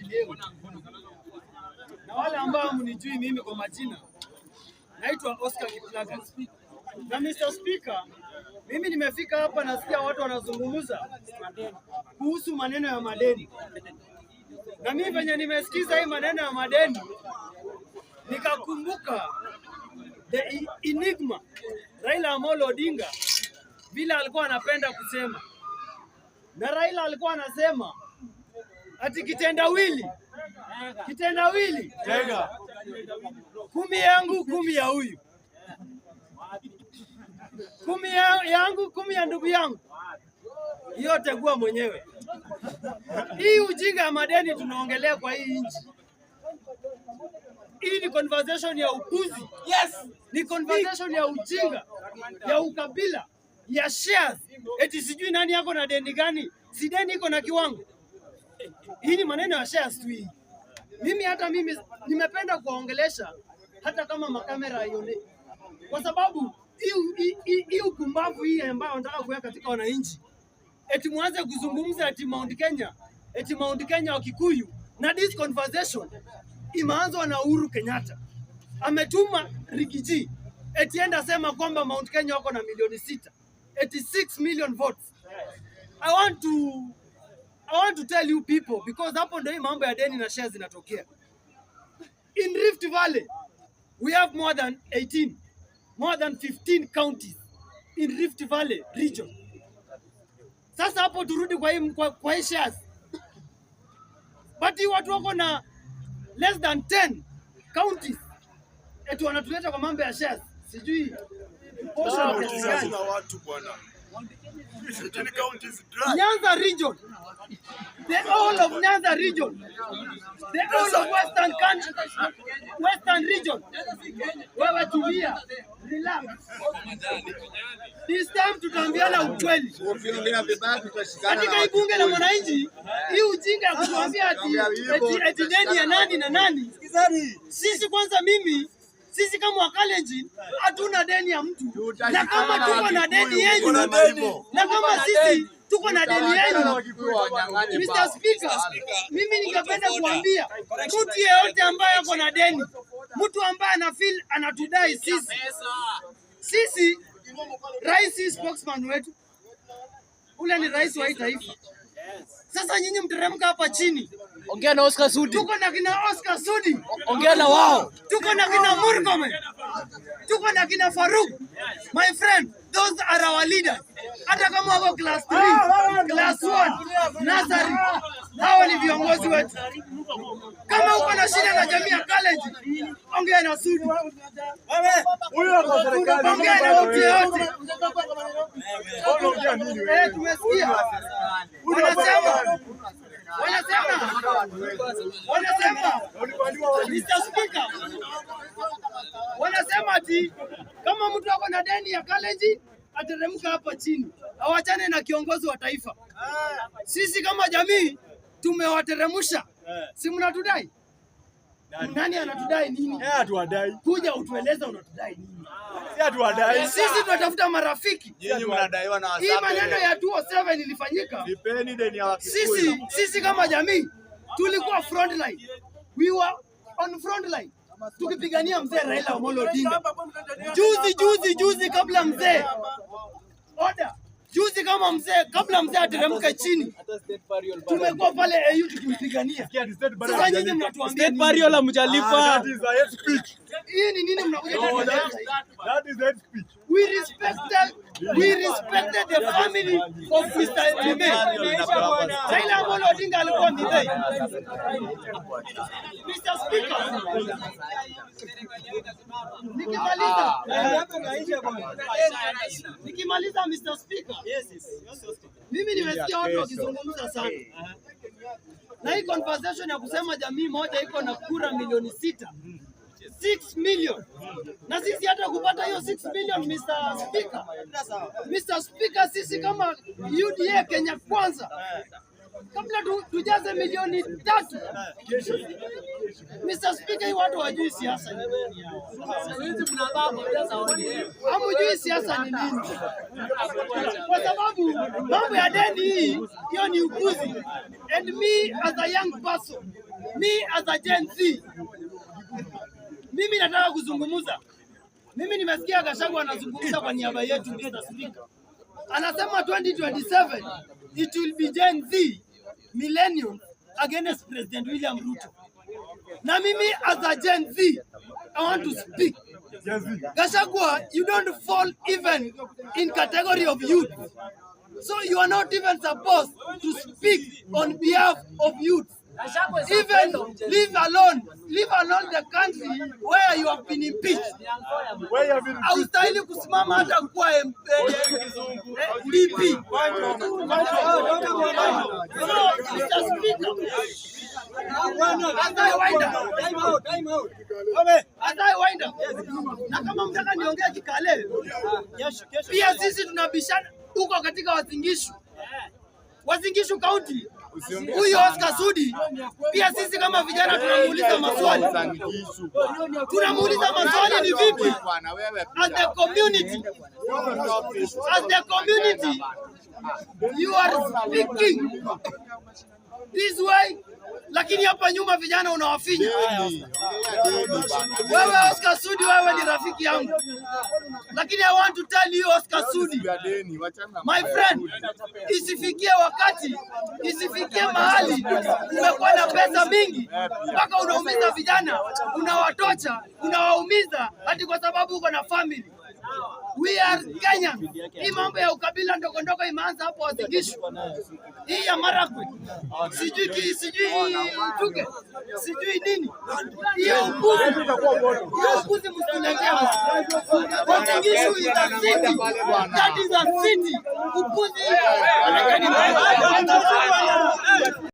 ajili na wale ambao mnijui mimi kwa majina, naitwa Oscar Kiplaga. Na Mr. Speaker, mimi nimefika hapa, nasikia watu wanazungumza kuhusu maneno ya madeni, na mimi venye nimesikiza hii maneno ya madeni nikakumbuka the enigma Raila Amolo Odinga vile alikuwa anapenda kusema, na Raila alikuwa anasema Ati kitendawili, kitendawili tega, kumi yangu kumi ya huyu, kumi yangu kumi ya ndugu yangu, yote kuwa mwenyewe. Hii ujinga ya madeni tunaongelea kwa hii nchi. Hii ni conversation ya upuzi. Yes, ni conversation ya ujinga, ya ukabila, ya shares. Eti sijui nani yako na deni gani? Si deni iko na kiwango hii ni maneno ya shares tu hii. Mimi hata mimi nimependa kuwaongelesha hata kama makamera ione, kwa sababu hii ukumbavu hii ambayo nataka kuweka katika wananchi, eti mwanze kuzungumza eti Mount Kenya, eti Mount Kenya wa Kikuyu, na this conversation imeanzwa na Uhuru Kenyatta ametuma Rigiji eti enda sema kwamba Mount Kenya wako na milioni sita, eti 6 million votes. I want to I want to tell you people because hapo ndio mambo ya deni na shares zinatokea. In Rift Valley we have more than 18, more than 15 counties in Rift Valley region. Sasa hapo turudi kwa hii kwa, kwa hii shares. But hii watu wako na less than 10 counties eti wanatuleta kwa mambo ya shares. Sijui Nyanza region the whole of Nyanza region, the whole of Western country, Western region. Wewe tulia, relax. This time tutaambiana ukweli katika hii bunge la mwananchi. Hii ujinga ya kutuambia ati eti deni ya nani na nani. Sisi kwanza, mimi sisi kama wakalenji hatuna deni ya mtu, na kama tuko na deni yenu, na kama sisi tuko na deni yenu. Mr. Speaker, mimi ningependa kuambia mtu yeyote ambaye ako na deni, mtu ambaye feel anatudai sisi, sisi rais spokesman wetu ule ni rais wa taifa. Sasa nyinyi mteremka hapa chini, ongea na Oscar Sudi. Tuko na kina Oscar Sudi, ongea na wao. Tuko na kina Murkomen, tuko na kina Faruk, my friend Those are our leaders. Hata kama wako class 3, ah, ah, class 1, nursery, hao ni viongozi wetu. Kama uko na shida na jamii ya college, ongea na Sudu. Wewe, serikali. ongea na mtu Eh, Tumesikia Unasema wanasema wanasema, Mr. Speaker Wanasema ati kama mtu ako na deni ya college ateremka hapa chini, awachane na kiongozi wa taifa. Sisi kama jamii tumewateremsha, si mnatudai nani anatudai nini? Eh, atuadai. Kuja utueleza unatudai nini? Si atuadai. Eh, sisi tunatafuta marafiki. Nyinyi mnadaiwa na wasafi. Hii maneno ya 207 ilifanyika. Lipeni deni ya Wakikuyu. Sisi sisi kama jamii tulikuwa front line. We were on front line tukipigania mzee Raila Amolo Odinga. Juzi juzi juzi, kabla mzee juzi kama mzee kabla mzee ateremka chini, tumekuwa pale AU tukimpigania. Sasa nyinyi mnatuambia state burial mjalifa. Hii ni nini mnakuja? That is hate speech. We respected we respected the family of Mr. Ntime. Taylor Molo Odinga alikuwa Ntime. Mr. Speaker. Nikimaliza. Nikimaliza Mr. Speaker. Mimi nimesikia watu wakizungumza sana. Na hii conversation ya kusema jamii moja iko na kura milioni sita. 6 million na sisi hata kupata hiyo 6 million, Mr. Speaker. Mr. Speaker, sisi kama UDA Kenya Kwanza kabla tujaze milioni tatu, Mr. Speaker, hii watu wajui siasa ni nini. Hamjui siasa ni nini, kwa sababu mambo ya deni hii hiyo ni ukuzi, And me as a young person, me as a Gen Z mimi nataka kuzungumza. Mimi nimesikia Gachagua anazungumza kwa niaba yetu, Mr. Speaker. Anasema 2027 it will be Gen Z millennium against President William Ruto. Na mimi as a Gen Z, I want to speak. Gachagua, you don't fall even in category of youth. So you are not even supposed to speak on behalf of youth. Even leave alone, leave alone the country where you have been impeached. Haustahili kusimama hata kuwa MP. Na kama mtaka Kikale, pia sisi tunabishana huko katika Wazingishu. Wazingishu kaunti huyu Oscar Sudi, pia sisi kama vijana tunamuuliza maswali, tunamuuliza maswali ni vipi as the community, as the community you are speaking this way lakini hapa nyuma vijana unawafinya wewe Oscar Sudi, wewe rafiki yangu, lakini I want to tell you Oscar yaani Sudi, my friend, isifikie wakati, isifikie mahali umekuwa na pesa mingi mpaka unaumiza vijana, unawatocha, unawaumiza hati kwa sababu uko na family. We are Kenya. Hii mambo ya ukabila ndogo ndogo imeanza hapo Wazingishu, hii ya marakwe. sijui ki sijui tuke. sijui nini, hiyo upuzi, hiyo upuzi msituletee. Wazingishu is a city, that is a city. Upuzi